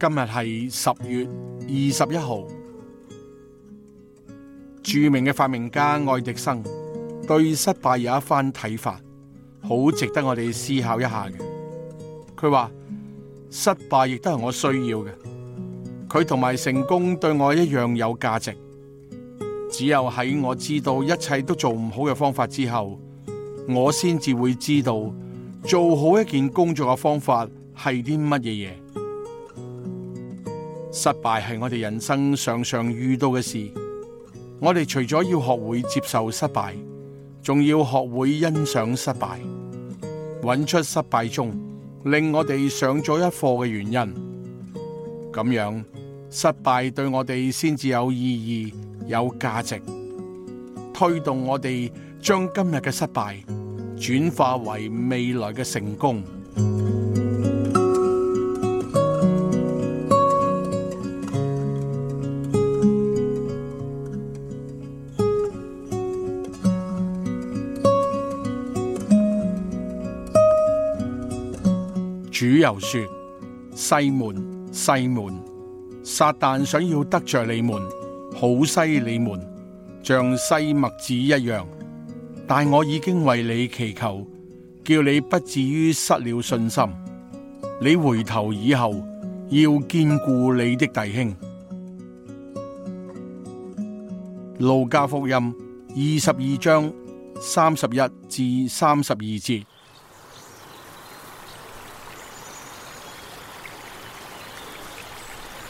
今日係十月二十一號，著名嘅發明家愛迪生對失敗有一番睇法，好值得我哋思考一下嘅。佢話失敗亦都係我需要嘅，佢同埋成功對我一樣有價值。只有喺我知道一切都做唔好嘅方法之後，我先至會知道做好一件工作嘅方法係啲乜嘢嘢。失敗係我哋人生常常遇到嘅事，我哋除咗要學會接受失敗，仲要學會欣賞失敗，揾出失敗中令我哋上咗一課嘅原因。咁樣，失敗對我哋先至有意義、有價值，推動我哋將今日嘅失敗轉化為未來嘅成功。主又說：西門，西門，撒旦想要得著你們，好篩你們，像篩麥子一樣。但我已經為你祈求，叫你不至於失了信心。你回頭以後，要堅固你的弟兄。路加福音二十二章三十一至三十二節。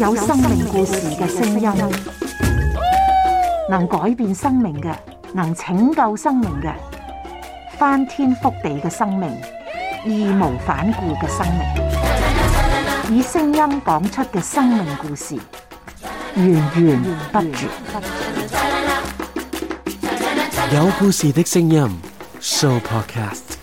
有生命故事嘅聲音，能改變生命嘅，能拯救生命嘅，翻天覆地嘅生命，義無反顧嘅生命，以聲音講出嘅生命故事，源源不絕。有故事的聲音，Sooo Podcast。